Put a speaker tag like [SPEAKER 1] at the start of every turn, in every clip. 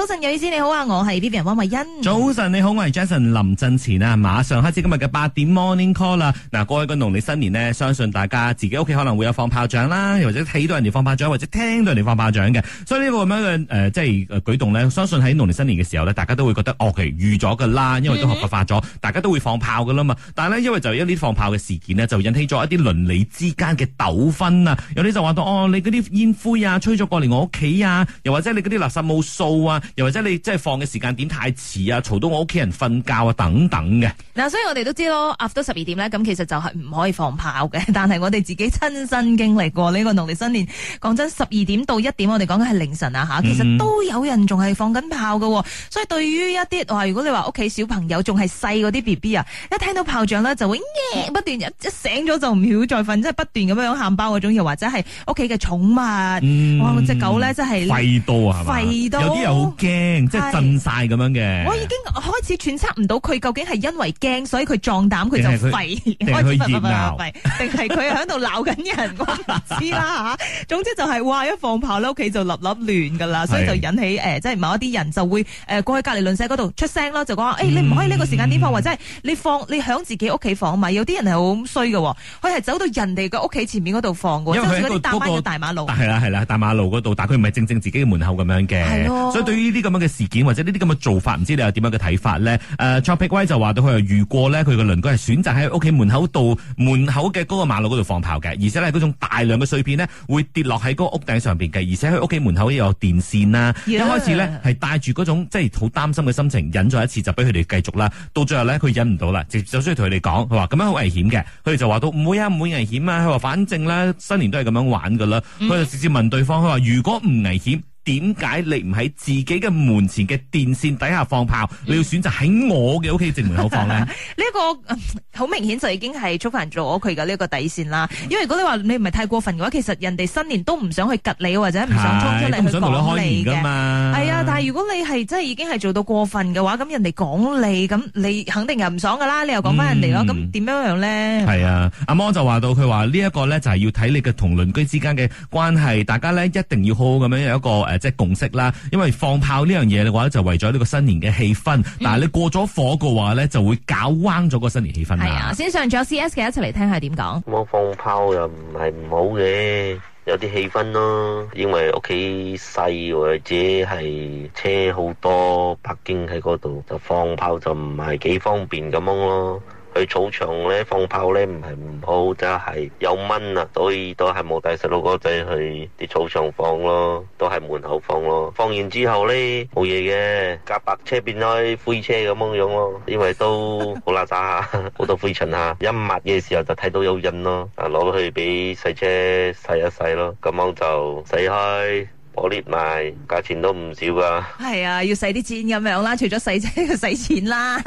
[SPEAKER 1] 早
[SPEAKER 2] 晨，有線你好啊，我係 Vivian 汪慧欣。早晨你好，我係 Jason 林振前啊，馬上開始今日嘅八點 morning call 啦。嗱，過去個農曆新年呢，相信大家自己屋企可能會有放炮仗啦，又或者睇到人哋放炮仗，或者聽到人哋放炮仗嘅，所以呢個咁樣嘅誒、呃，即係誒舉動咧，相信喺農曆新年嘅時候呢，大家都會覺得哦，係、嗯、哼預咗噶啦，因為都合法化咗，大家都會放炮噶啦嘛。但係呢，因為就一啲放炮嘅事件呢，就引起咗一啲鄰里之間嘅糾紛啊。有啲就話到哦，你嗰啲煙灰啊，吹咗過嚟我屋企啊，又或者你嗰啲垃圾冇掃啊。又或者你即係放嘅時間點太遲啊，嘈到我屋企人瞓覺啊等等嘅。
[SPEAKER 1] 嗱、啊，所以我哋都知咯 after 到十二點咧，咁其實就係唔可以放炮嘅。但係我哋自己親身經歷過呢個農曆新年，講真，十二點到一點，我哋講緊係凌晨啊吓，其實都有人仲係放緊炮喎。所以對於一啲哇，如果你話屋企小朋友仲係細嗰啲 B B 啊，一聽到炮仗咧就會不斷一醒咗就唔曉再瞓，即、就、係、是、不斷咁樣喊包嗰種。又或者係屋企嘅寵物，嗯、哇，隻狗咧真係吠
[SPEAKER 2] 到啊，吠到有啲有。驚即係震晒咁是樣嘅，我已
[SPEAKER 1] 經開始揣測唔到佢究竟係因為驚，所以佢壯膽佢就吠，定係熱鬧定係佢喺度鬧緊人？ 我唔知啦吓，總之就係、是、哇！一放炮咧，屋企就立立亂噶啦，是所以就引起誒、呃，即係某一啲人就會誒、呃、過去隔籬鄰舍嗰度出聲咯，就講誒、欸、你唔可以呢個時間點、嗯、放，或者係你放你響自己屋企放咪？有啲人係好衰嘅，佢係走到人哋嘅屋企前面嗰度放嘅，因為佢嗰咗大馬路係
[SPEAKER 2] 啦係啦大馬路嗰度，但佢唔係正正自己嘅門口咁樣嘅，的所以對呢啲咁樣嘅事件或者呢啲咁嘅做法，唔知你有點樣嘅睇法咧？誒，topic guy 就話到佢，如果咧，佢個鄰居係選擇喺屋企門口度門口嘅嗰個馬路嗰度放炮嘅，而且咧嗰種大量嘅碎片呢，會跌落喺嗰個屋頂上邊嘅，而且喺屋企門口有電線啦、啊。Yeah. 一開始呢，係帶住嗰種即係好擔心嘅心情忍咗一次，就俾佢哋繼續啦。到最後呢，佢忍唔到啦，直接就需要同佢哋講，佢話咁樣好危險嘅，佢哋就話到唔會啊，唔會危險啊。佢話反正咧新年都係咁樣玩噶啦，佢、mm. 就直接問對方，佢話如果唔危險？點解你唔喺自己嘅門前嘅電線底下放炮？你要選擇喺我嘅屋企正門口放咧？呢一
[SPEAKER 1] 呢個好明顯就已經係觸犯咗佢嘅呢個底線啦。因為如果你話你唔係太過分嘅話，其實人哋新年都唔想去吉你或者唔想衝出嚟的去講你，唔想同你開面嘅嘛。係啊，但係如果你係真係已經係做到過分嘅話，咁人哋講你，咁你肯定又唔爽噶啦。你又講翻人哋咯，咁點、嗯、樣樣咧？係
[SPEAKER 2] 啊，阿芒就話到佢話呢一個咧就係要睇你嘅同鄰居之間嘅關係，大家咧一定要好好咁樣有一個。誒，即係共識啦，因為放炮呢樣嘢嘅話咧，就為咗呢個新年嘅氣氛。嗯、但係你過咗火嘅話咧，就會搞彎咗個新年
[SPEAKER 3] 氣氛啦、
[SPEAKER 1] 啊。先上咗 CS 嘅一齊嚟聽下點講。
[SPEAKER 3] 放炮又唔係唔好嘅，有啲氣氛咯。因為屋企細或者係車好多，北京喺嗰度就放炮就唔係幾方便咁樣咯。去草場咧放炮咧唔係唔好，就係有蚊啊，所以都係冇帶細路哥仔去啲草場放咯，都係門口放咯。放完之後咧冇嘢嘅，架白車變開灰車咁樣樣咯，因為都好邋遢，好多灰塵啊。一抹嘅時候就睇到有印咯，啊攞去俾洗車洗一洗咯，咁樣就洗開。破裂埋，價錢都唔少噶。
[SPEAKER 4] 係
[SPEAKER 1] 啊，要使啲錢咁樣啦，除咗使使錢啦。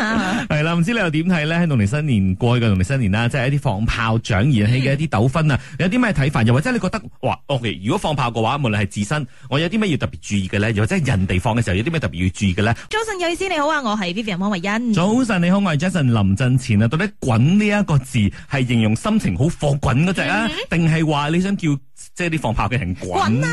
[SPEAKER 2] 係 啦， 唔知你又點睇咧？喺農曆新年過去嘅農曆新年啦，即係一啲放炮仗而、引起嘅一啲糾紛啊，有啲咩睇法？又或者你覺得，哇，o、okay, k 如果放炮嘅話，無論係自身，我有啲咩要特別注意嘅咧？又或者人哋放嘅時候有啲咩特別要注意嘅咧？
[SPEAKER 1] 早晨，有意思，你好啊，我係 Vivian 方慧欣。早
[SPEAKER 2] 晨，你好，我係 Jason 林振前啊。到底“滾”呢一個字係形容心情好火滾嗰隻啊，定係話你想叫？即係啲放炮嘅人滾呢？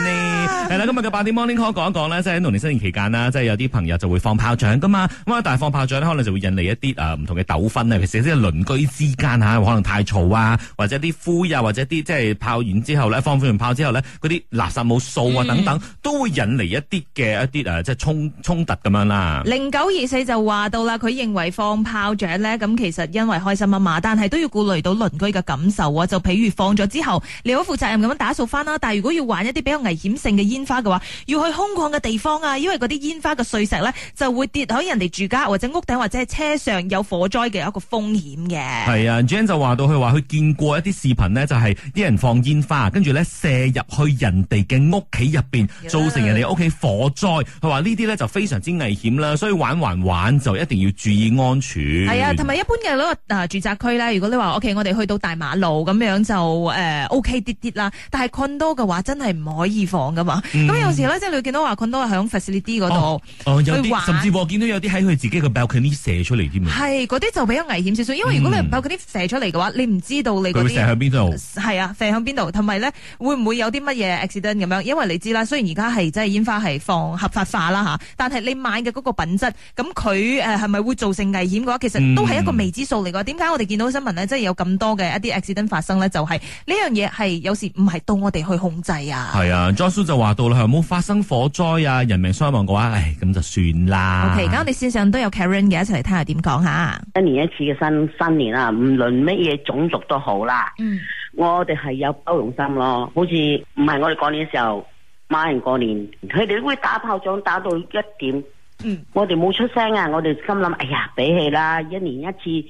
[SPEAKER 2] 係啦混、啊，今日嘅八點 Morning Call 講一講咧，即係喺農曆新年期間啦，即係有啲朋友就會放炮仗噶嘛，咁啊，但係放炮仗可能就會引嚟一啲誒唔同嘅糾紛啊，其實即係鄰居之間吓、啊，可能太嘈啊，或者啲灰啊，或者啲即係炮完之後咧，放完炮之後咧，嗰啲垃圾冇掃啊、嗯、等等，都會引嚟一啲嘅一啲誒、啊，即係衝衝突咁樣啦。
[SPEAKER 1] 零九二四就話到啦，佢認為放炮仗咧，咁其實因為開心啊嘛，但係都要顧慮到鄰居嘅感受啊，就譬如放咗之後，你好負責任咁樣打掃。翻啦，但係如果要玩一啲比較危險性嘅煙花嘅話，要去空曠嘅地方啊，因為嗰啲煙花嘅碎石咧就會跌喺人哋住家或者屋頂或者係車上有火災嘅一個風險嘅。
[SPEAKER 2] 係啊，Jane 就話到，佢話佢見過一啲視頻呢，就係啲人放煙花，跟住咧射入去人哋嘅屋企入邊，造成人哋屋企火災。佢話呢啲咧就非常之危險啦，所以玩還玩，玩就一定要注意安全。係啊，同
[SPEAKER 1] 埋一般嘅嗰個住宅區咧，如果你話 OK，我哋去到大馬路咁樣就誒 OK 啲啲啦，但係。困多嘅話真係唔可以放㗎嘛？咁、嗯、有時咧，即係你見到話困多喺 facility 嗰度，甚至
[SPEAKER 2] 我見到有啲喺佢自己個 balcony 射出嚟添。係
[SPEAKER 1] 嗰啲就比較危險少少，因為如果你唔喺嗰啲射出嚟嘅話，嗯、你唔知道你佢射向邊度。係啊，射向邊度？同埋咧，會唔會有啲乜嘢 accident 咁樣？因為你知啦，雖然而家係即係煙花係放合法化啦吓，但係你買嘅嗰個品質，咁佢誒係咪會造成危險嘅話，其實都係一個未知數嚟嘅。點解我哋見到新聞咧，即係有咁多嘅一啲 accident 發生咧，就係呢樣嘢係有時唔係到我哋去控制
[SPEAKER 2] 啊！係啊，Joshua 就話到啦，有冇發生火災啊、人命傷亡嘅話，唉，咁就
[SPEAKER 4] 算啦。OK，而家我
[SPEAKER 1] 哋線上都有 Karen 嘅，一齊嚟睇下點講下。
[SPEAKER 4] 一年一次嘅新新年啊，唔論乜嘢種族都好啦。嗯，我哋係有包容心咯。好似唔係我哋過年嘅時候，馬人過年，佢哋都會打炮仗打到一點。嗯，我哋冇出聲啊，我哋心諗，哎呀，比起啦，一年一次，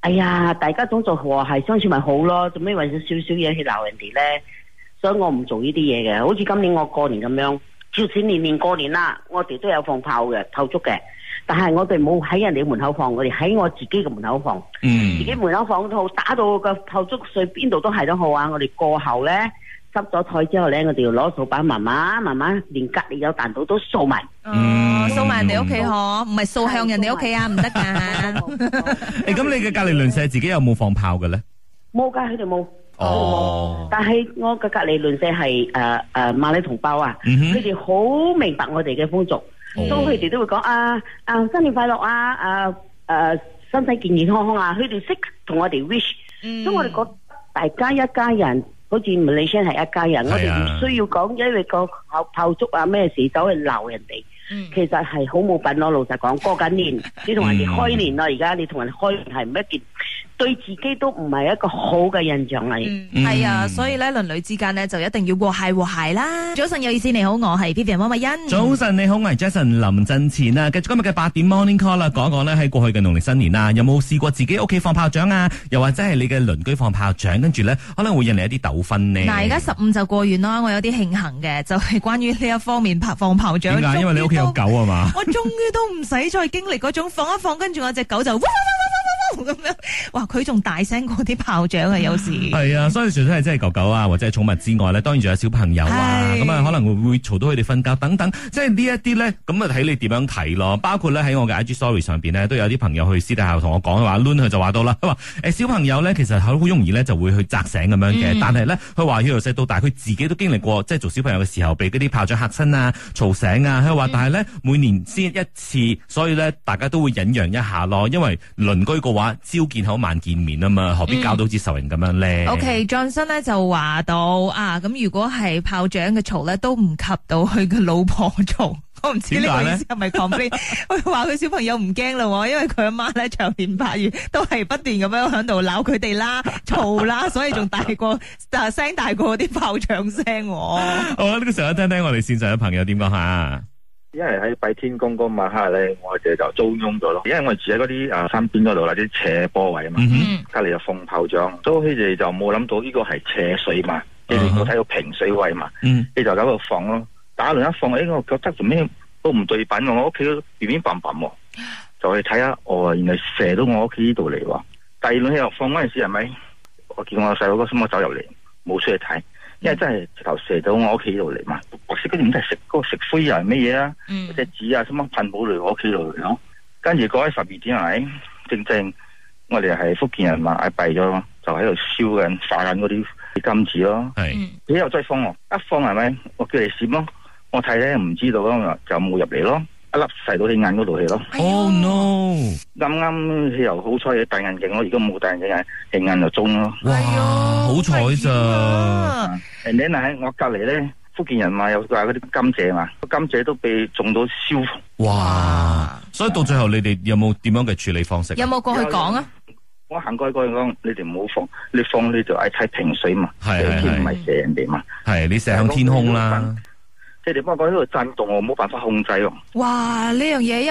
[SPEAKER 4] 哎呀，大家種族和諧相處咪好咯，做咩為咗少少嘢去鬧人哋咧？所以我唔做呢啲嘢嘅，好似今年我過年咁樣，即使年年過年啦，我哋都有放炮嘅，炮竹嘅。但係我哋冇喺人哋門口放，我哋喺我自己嘅門口放。嗯，自己門口放到打到個炮竹碎邊度都係都好啊。我哋過後咧，濕咗台之後咧，我哋要攞掃把慢慢慢慢，連隔籬有彈到都掃埋。嗯，掃
[SPEAKER 1] 埋人哋屋企嗬，唔係掃向人
[SPEAKER 4] 哋屋企啊，唔得噶。誒，咁你嘅隔籬鄰舍
[SPEAKER 2] 自己有冇放炮嘅咧？
[SPEAKER 4] 冇噶，佢哋冇。Oh. 哦，但係我嘅隔籬鄰舍係誒誒馬來同胞啊，佢哋好明白我哋嘅風俗，oh. 所以佢哋都會講啊啊新年快樂啊啊誒、啊、身體健健康康啊，佢哋識同我哋 wish，、mm hmm. 所以我哋覺得大家一家人好似馬來西亞係一家人，啊、我哋唔需要講因為個爆爆竹啊咩事走去鬧人哋，mm hmm. 其實係好冇品咯、啊。老實講，過緊年你同人哋開年啦、啊，而、mm hmm. 家你同人哋開年係唔一件。對自己都唔係一個好嘅印象嚟。係、嗯、啊，
[SPEAKER 1] 所以咧鄰里之間呢，就一定要和諧和諧啦。早晨，有意思你好，我係 Vivian 溫慧欣。早
[SPEAKER 4] 晨你好，我係 Jason 林振
[SPEAKER 2] 前啊。今日嘅八點 Morning Call 啦、啊，講一講咧喺過去嘅農曆新年啊，有冇試過自己屋企放炮仗啊？又或者係你嘅鄰居放炮仗，跟住呢可能會引嚟一啲糾紛咧。嗱，而家
[SPEAKER 1] 十五就過完啦，我有啲慶幸嘅，就係、是、關於呢一方面拍放炮仗，為何因為你屋企有
[SPEAKER 2] 狗啊嘛，我
[SPEAKER 1] 終於都唔使再經歷嗰種放一放，跟住我隻狗就。 咁樣，哇！佢仲大聲過啲炮仗啊，有時係
[SPEAKER 2] 啊，所以除咗係即係狗狗啊，或者係寵物之外呢，當然仲有小朋友啊，咁啊是可能會會嘈到佢哋瞓覺等等，即係呢一啲呢，咁啊睇你點樣睇咯。包括呢，喺我嘅 IG story 上邊呢，都有啲朋友去私底下同我講嘅話，Luna 佢就話到啦，佢話誒小朋友呢，其實好好容易呢就會去砸醒咁樣嘅，嗯、但係呢，佢話由細到大，佢自己都經歷過，即係做小朋友嘅時候被嗰啲炮仗嚇親啊、嘈醒啊，佢話但係呢，每年先一次，所以呢，大家都會忍讓一下咯，因為鄰居個。話朝見口晚見面啊嘛，何必搞到好似仇人咁樣咧？O
[SPEAKER 1] K，Johnson 咧就話到啊，咁如果係炮仗嘅嘈咧，都唔及到佢嘅老婆嘈。我唔知呢個意思係咪講俾佢話佢小朋友唔驚喎，因為佢阿媽咧長年累月都係不斷咁樣響度鬧佢哋啦、嘈啦，所以仲大過啊聲 大過啲炮仗聲。好
[SPEAKER 2] 啦， 呢、這個時候聽聽我哋線上嘅朋友點講下。
[SPEAKER 3] 因為喺拜天公嗰晚黑咧，我哋就遭殃咗咯。因為我住喺嗰啲啊山邊嗰度或啲斜坡位啊嘛，隔籬、mm hmm。就放炮仗，都佢哋就冇諗到呢個係斜水嘛，佢哋冇睇到平水位嘛，你、mm hmm。就喺度放咯。打輪一放，誒、哎，我覺得做咩都唔對品，我屋企都邊邊崩崩，就去睇下，哦，原來射到我屋企呢度嚟喎。第二輪又放嗰陣時係咪？我叫我細佬個心我走入嚟，冇出去睇。因為真係直頭射到我屋企度嚟嘛，我識嗰啲唔係食嗰個食灰又係咩嘢啊？只、啊嗯、紙啊，什麼噴寶嚟我屋企度嚟咯，跟住過喺十二點係咪正正？我哋係福建人嘛，嗌閉咗就喺度燒緊、化緊嗰啲金紙咯。嗯，又後再放咯，一放係咪？我叫你閃、啊、太太咯，我睇睇唔知道咯，就冇入嚟咯。一粒射到你眼嗰度去咯！Oh no！啱啱又好彩戴眼鏡咯，而家冇戴眼鏡，眼眼就中咯。哇！好彩咋！人哋嗱喺我隔籬咧，福建人話又話嗰啲甘蔗嘛，甘蔗都被中到燒。哇！所以到最後你哋有冇點樣嘅處理方式？有冇過去講啊？我行過去講，你哋唔好放，你放呢度係睇平水嘛。係係係，唔係射人哋嘛。係你射向天空啦。你哋幫佢喺度震動，
[SPEAKER 1] 我冇辦法控制咯。哇！呢樣嘢一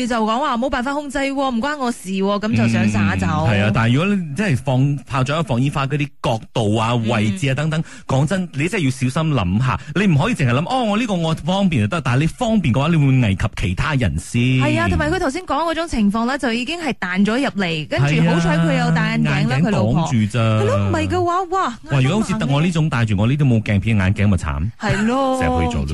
[SPEAKER 1] 句就講話冇辦法控制，唔關我事，咁就想撒走。係啊、嗯，
[SPEAKER 3] 但係如
[SPEAKER 2] 果你真係放炮仗放煙花嗰啲角度啊、位置啊等等，講、嗯、真，你真係要小心諗下。你唔可以淨係諗哦，我呢個我方便就得，但係你方便嘅話，你會危及其他人先？係啊，同埋
[SPEAKER 1] 佢頭先講嗰種情況咧，就已經係彈咗入嚟，跟住的好彩佢有戴眼鏡咧，佢老婆擋住
[SPEAKER 2] 啫。係咯，唔係
[SPEAKER 1] 嘅話，哇！
[SPEAKER 2] 哇！如果好似得我呢種戴住我呢啲冇鏡片眼鏡，咪慘的。
[SPEAKER 1] 係咯，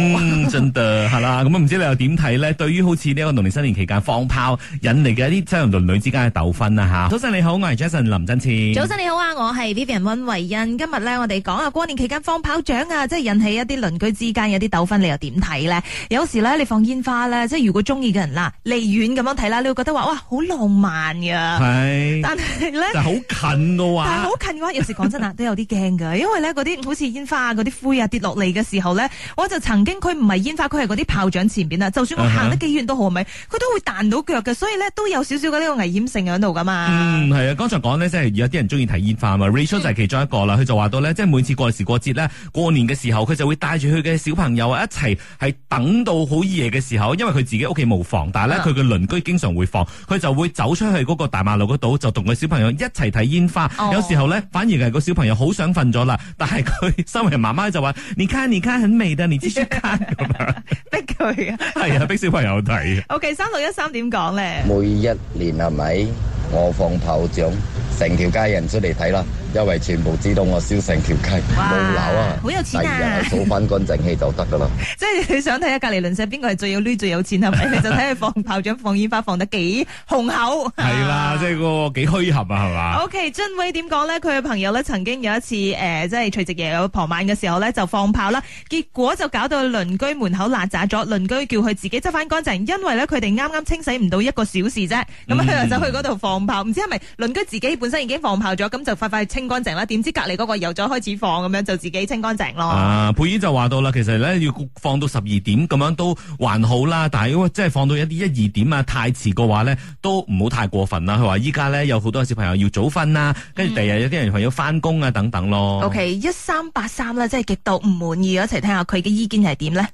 [SPEAKER 2] 真嘅係啦，咁唔、 嗯、知你又點睇呢？對於好似呢個農曆新年期間放炮引嚟嘅一啲親人鄰里之間嘅糾紛啊吓。早晨你好，我係 Jason 林振超。早晨你
[SPEAKER 1] 好啊，我係 Vivian 溫慧欣。今日呢，我哋講下，過年期間放炮仗啊，即係引起一啲鄰居之間有啲糾紛，你又點睇呢？有時呢，你放煙花呢，即係如果中意嘅人啦，離遠咁樣睇啦，你會覺得話哇好浪漫噶。是但係呢，好
[SPEAKER 2] 近嘅話，但係好
[SPEAKER 1] 近嘅話，有時講真啊，都有啲驚噶，因為呢嗰啲好似煙花啊，嗰啲灰啊跌落嚟嘅時候呢，我就曾經。佢唔係煙花，佢係嗰啲炮仗前邊啊。就算我行得幾遠都好，咪佢、uh huh. 都會彈到腳嘅，所以咧都有少少嘅呢個危險性喺度噶嘛。嗯，
[SPEAKER 2] 係啊。剛才講呢，即係有啲人中意睇煙花嘛。Rachel、uh huh. 就係其中一個啦。佢就話到呢，即係每次過時過節呢，過年嘅時候，佢就會帶住佢嘅小朋友啊一齊係等到好夜嘅時候，因為佢自己屋企冇放。但係呢，佢嘅鄰居經常會放，佢就會走出去嗰個大馬路嗰度，就同個小朋友一齊睇煙花。Uh huh. 有時候呢，反而係個小朋友好想瞓咗啦，但係佢身為媽媽就話：，你睇，你睇，很美嘅，你知
[SPEAKER 1] 逼佢他
[SPEAKER 3] 啊，係 啊，逼小朋友睇。
[SPEAKER 1] O K. 三六一三點講咧？
[SPEAKER 3] 每一年係咪我放炮仗，成條街的人出嚟睇啦，因為全部知道我燒成條街，冇樓哇啊，好有錢啊，掃翻乾淨氣就得噶啦。
[SPEAKER 1] 即係你想睇下隔籬鄰舍邊個係最有鐳、最有錢係咪？你 就睇佢放炮仗、放煙花放得幾雄厚。係
[SPEAKER 2] 啦、 啊，即係、嗰個幾虛合啊，係嘛。O K.
[SPEAKER 1] 俊偉點講咧？佢嘅朋友咧曾經有一次誒、呃，即係除夕夜有傍晚嘅時候咧就放炮啦，結果就搞到。鄰居門口辣炸咗，鄰居叫佢自己執翻乾淨，因為咧佢哋啱啱清洗唔到一個小時啫，咁啊、嗯、佢就去嗰度放炮，唔知係咪鄰居自己本身已經放炮咗，咁就快快清乾淨啦。點知隔籬嗰個又再開始放，咁樣就自己清乾淨咯。啊，
[SPEAKER 2] 佩姨就話到啦，其實呢，要放到十二點咁樣都還好啦，但係如果真係放到一啲一二點啊太遲嘅話呢，都唔好太過分啦。佢話依家呢，有好多小朋友要早瞓啦，跟住第日有啲人要翻工啊等
[SPEAKER 5] 等咯。
[SPEAKER 1] O K，一三八三啦，okay, 83, 即係極度唔滿意，一齊聽下佢嘅意見。係點咧？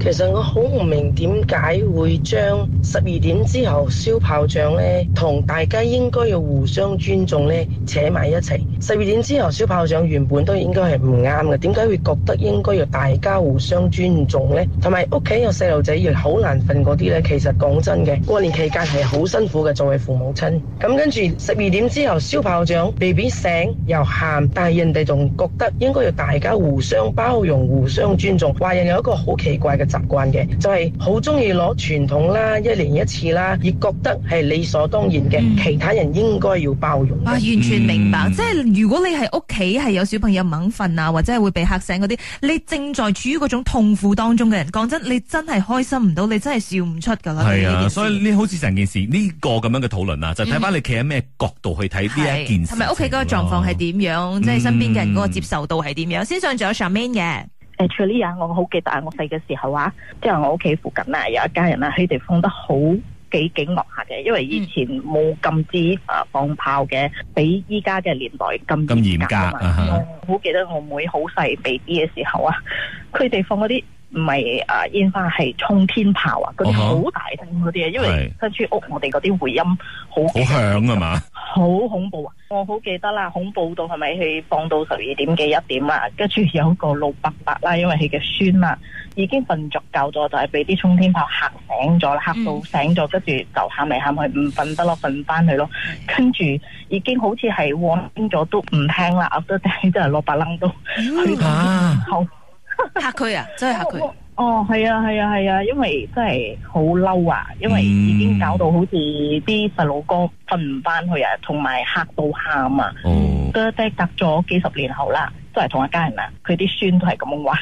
[SPEAKER 5] 其實我好唔明點解會將十二點之後燒炮仗呢，同大家應該要互相尊重呢扯埋一齊。十二點之後燒炮仗原本都應該係唔啱嘅，點解會覺得應該要大家互相尊重呢？同埋屋企有細路仔要好難瞓嗰啲呢，其實講真嘅，過年期間係好辛苦嘅，作為父母親。咁跟住十二點之後燒炮仗，BB 醒又喊，但係人哋仲覺得應該要大家互相包容、互相尊重。話人有一個好奇怪。怪嘅習慣嘅，就係好中意攞傳統啦，一年一次啦，亦覺得係理所當然嘅，其他人應該要包容。啊，完全明白，嗯、即係
[SPEAKER 1] 如果你係屋企係有小朋友猛瞓啊，或者係會被嚇醒嗰啲，你正在處於嗰種痛苦當中嘅人，講真，你真係開心唔到，你真係笑唔出㗎啦。係啊，所以
[SPEAKER 2] 你好似成件事呢、呢個咁樣嘅討論啊，就睇翻你企喺咩角度去睇呢、嗯、一件事，同埋屋
[SPEAKER 1] 企嗰個狀況係點樣，嗯、即係身邊嘅人嗰個接受度係點樣。先上咗上面嘅。誒，除呢啲啊，我好記得，我細嘅時
[SPEAKER 5] 候啊，即係我屋企附近啊，有一家人啊，佢哋放得好幾驚愕下嘅，因為以前冇禁止啊放炮嘅，比依家嘅年代咁咁嚴格啊，我好記得我妹好細，B B 嘅時候啊，佢哋放嗰啲。唔係啊！煙花係沖天炮啊，嗰啲好大聲嗰啲啊，oh, 因為跟住屋是我哋嗰啲回音好好響啊嘛，好恐怖啊！我好記得啦，恐怖到係咪去放到十二點幾一點啊？跟住有個老伯伯啦，因為佢嘅孫啊已經瞓着覺咗，就係俾啲沖天炮嚇醒咗啦，嚇到醒咗，跟住、嗯、就喊嚟喊去，唔瞓得咯，瞓翻去咯，跟住已經好似係忘咗都唔聽啦，我都仔真係攞白楞都去後。
[SPEAKER 1] 嚇佢啊，
[SPEAKER 5] 真係嚇佢。哦，係啊，係啊，係啊，啊，因為真係好嬲啊，因為已經搞到好似啲細路哥瞓唔翻去啊，同埋嚇到喊啊，
[SPEAKER 4] 嗯、
[SPEAKER 5] 哦，都得隔咗幾十年後啦。都係同一家人啦，佢啲孫都係
[SPEAKER 1] 咁樣玩，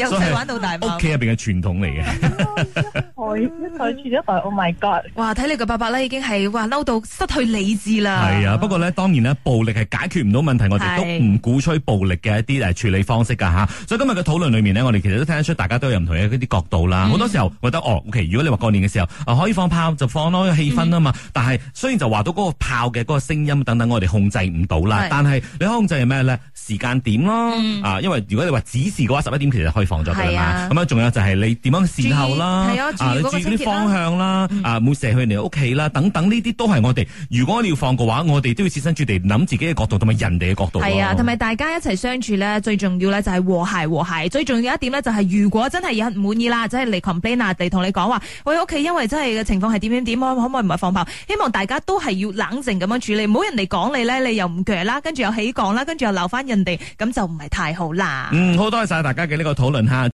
[SPEAKER 1] 由細玩到大，屋企入
[SPEAKER 2] 邊嘅傳統嚟
[SPEAKER 1] 嘅，一代傳一代，Oh my god！哇，睇你個伯伯咧已經係哇嬲到失去理智啦。係
[SPEAKER 2] 啊，不過咧當然咧暴力係解決唔到問題，我哋都唔鼓吹暴力嘅一啲處理方式㗎吓。所以今日嘅討論裏面呢，我哋其實都聽得出大家都有唔同嘅嗰啲角度啦。好多時候覺得哦，k、okay，如果你話過年嘅時候啊，可以放炮就放咯，氣氛啊嘛。但係雖然就話到嗰個炮嘅嗰個聲音等等，我哋控制唔到啦。但係你控制。係咩咧？時間點咯，嗯、啊，因為如果你話指示嘅話，十一點其實可以放咗佢啦。咁啊，仲有就係你點樣善後啦，啊，注意啲、啊、方向啦，嗯、啊，唔射去你屋企啦，等等呢啲都係我哋如果你要放嘅話，我哋都要設身處地諗自己嘅角度同埋人哋嘅角度。係啊，
[SPEAKER 1] 同埋大家一齊相處咧，最重要咧就係和諧和諧。最重要一點咧就係如果真係有唔滿意啦，即、就、係、是、嚟 complain 同你講話，喂，屋企因為真係嘅情況係點點點，可可唔可以唔係放炮？希望大家都係要冷靜咁樣處理，唔好人哋講你咧，你又唔啦，跟住又起槓啦。跟住又鬧翻人哋，咁就唔係太好啦。嗯，
[SPEAKER 2] 好多謝大家嘅呢個討論吓。